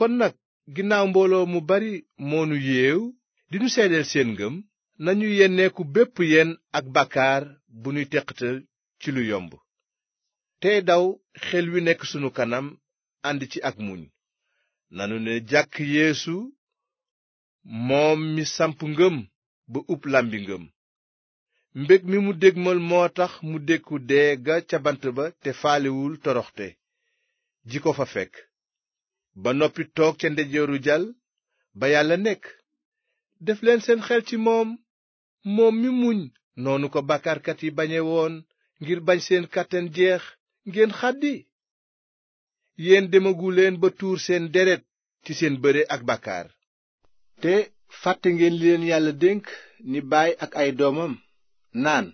kon nag ginnaaw mbooloo mu bari moonu yeew di nu seedeel seen ngëm nañu yenneeku bépp yenn ak bakkaar bu nuy teqatal ci lu yomb tey daw xel wi nekk sunu kanam ànd ci ak muñ nanu ne jàkk yeesu moom mi samp ngëm ba ub làmbi ngëm mbég mi mu dégmal moo tax mu dékku dee ga ca bant ba te faalewul toroxte ji ko fa fekk ba noppi toog ca ndeyjooru jal ba yàlla nekk def leen seen xel ci moom moom mi muñ noonu ko bàkkaarkat yi bañe woon ngir bañ seen kàttan jeex ngeen xàddi yéen demaguleen ba tuur seen deret ci seen bëre ak bàkkaar te fàtte ngeen li leen yàlla dénk ni baay ak ay doomam naan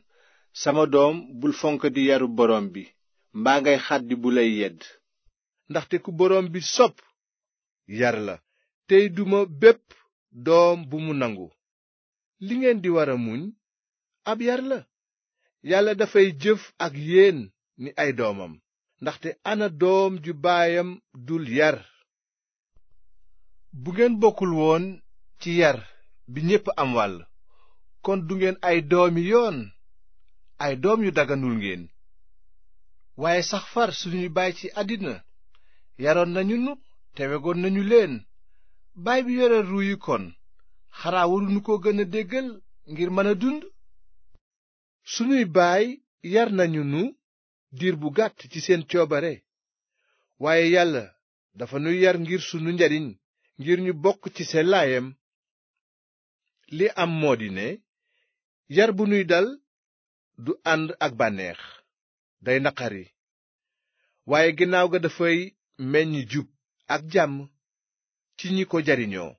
sama doom bul fonk di yaru boroom bi mbaa ngay xàddi bu lay yedd ndaxte ku boroom bi sopp yar la tey duma bépp doom bu mu nangu li ngeen di war a muñ ab yar la yàlla dafay jëf ak yéen ni ay doomam ndaxte ànna doom ju baayam dul yar bu ngeen bokkul woon ci yar bi ñépp am wàll kon du ngeen ay doomi yoon ay doom yu daganul ngeen waaye sax far suñuy baay ci àddina yaroon nañu nu te nañu leen baay bi yore ruu yi kon ko gën a déggal ngir mëna a dund sunuy baay yar nañu nu diir bu gàtt ci seen coobare waaye yàlla dafa nuy yar ngir sunu njariñ ngir ñu bokk ci sellaayam li am moo di ne yar bu nuy dal du ànd ak bànneex day naqari waaye ginnaaw ga dafay meññ jub ak jàmm ci ñi ko jariñoo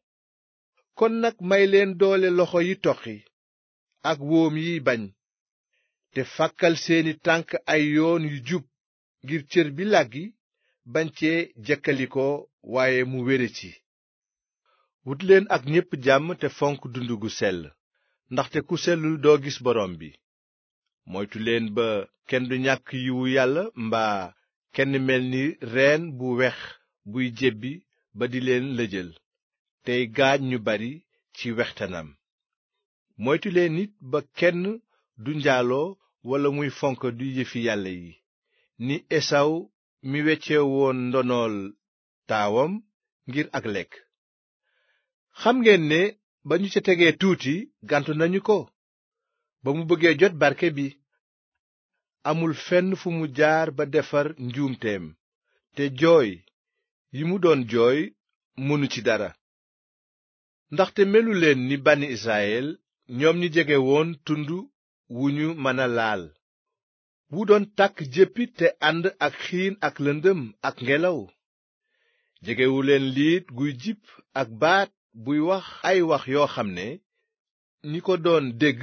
kon nag may leen doole loxo yi toqi ak woom yiy bañ te fàkkal seeni tànk ay yoon yu jub ngir cër bi làggi bañ cee jekkalikoo waaye mu wére ci wut leen ak ñépp jàmm te fonk dund gu sell ndaxte ku sellul doo gis boroom bi moytu leen ba kenn du ñàkk yiwu yàlla mbaa kenn mel ni reen bu wex buy jébbi ba di leen lëjël tey gaañ ñu bari ci wextanam moytuleen nit ba kenn du njaaloo walla muy fonk du yëfi yàlla yi ni esaw mi wecce woon ndonool taawam ngir ak lekk xam ngeen ne ba ñu ca tegee tuuti gàntu nañu ko ba mu bëggee jot barke bi amul fenn fu mu jaar ba defar njuumteem te jooy yi mu doon jooy mënu ci dara ndaxte melu leen ni bani israyel ñoom ñi jege woon tund wu ñu mën a laal wu doon tàkk jéppi te ànd ak xiin ak lëndëm ak ngelaw jegewuleen liit guy jip ak baat buy wax ay wax yoo xam ne ñi ko doon dégg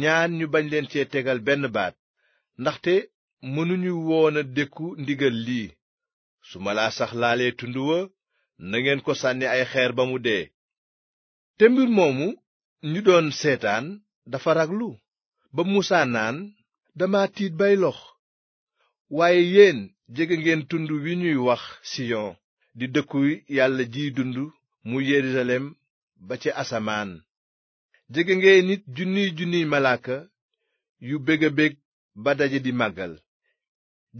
ñaan ñu bañ leen cee tegal benn baat ndaxte mënuñu woon a dékku ndigal lii su ma laa sax laalee tund wa nangeen ko sànni ay xeer ba mu dee te mbir moomu ñu doon seetaan dafa raglu ba muusaa naan dama tiit bay lox waaye yéen jege ngeen tund wi ñuy wax siyon di dëkku yàlla jiy dund mu yerusalem ba ca asamaan jege ngeen nit junniy junniy malaaka yu bég bég ba daje di màggal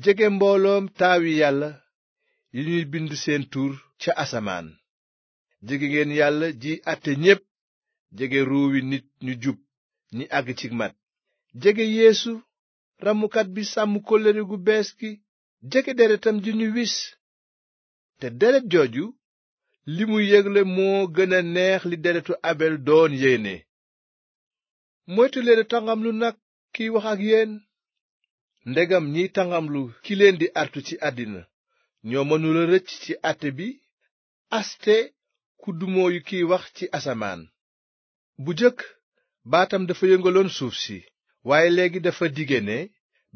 jege mbooloom taawi yàlla yi ñuy bind seen tur ca asamaan jege ngeen yàlla ji àtte ñépp jege ruuwi nit ñu jub ñi àgg ci mat jege yeesu ramukat bi sàmm kóllëre gu bees gi jege deretam ji ñu wis te deret jooju li mu yégle moo gën a neex li deretu abel doon yéene ndegam ñiy tanqamlu ki leen di artu ci àddina ñoo mënula rëcc ci àtte bi aste ku dumooyu kiy wax ci asamaan bu jëkk baatam dafa yëngaloon suuf si waaye léegi dafa dige ne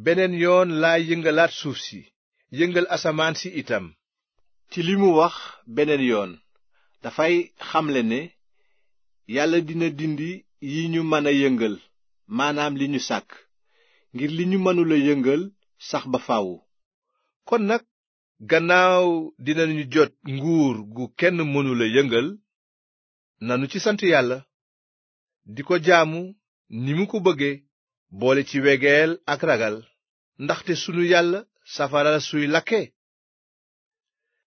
beneen yoon laay yëngalaat suuf si yëngal asamaan si itam ci li mu wax beneen yoon dafay xamle ne yàlla dina dindi yi ñu mën a yëngal maanaam li ñu sàkk ngir li ñu mënula yëngal sax ba faaw kon nag gannaaw dinañu jot nguur gu kenn mënula yëngal nanu ci sant yàlla di ko jaamu ni mu ko bëggee boole ci wegeel ak ragal ndaxte sunu yàlla safara suy lakke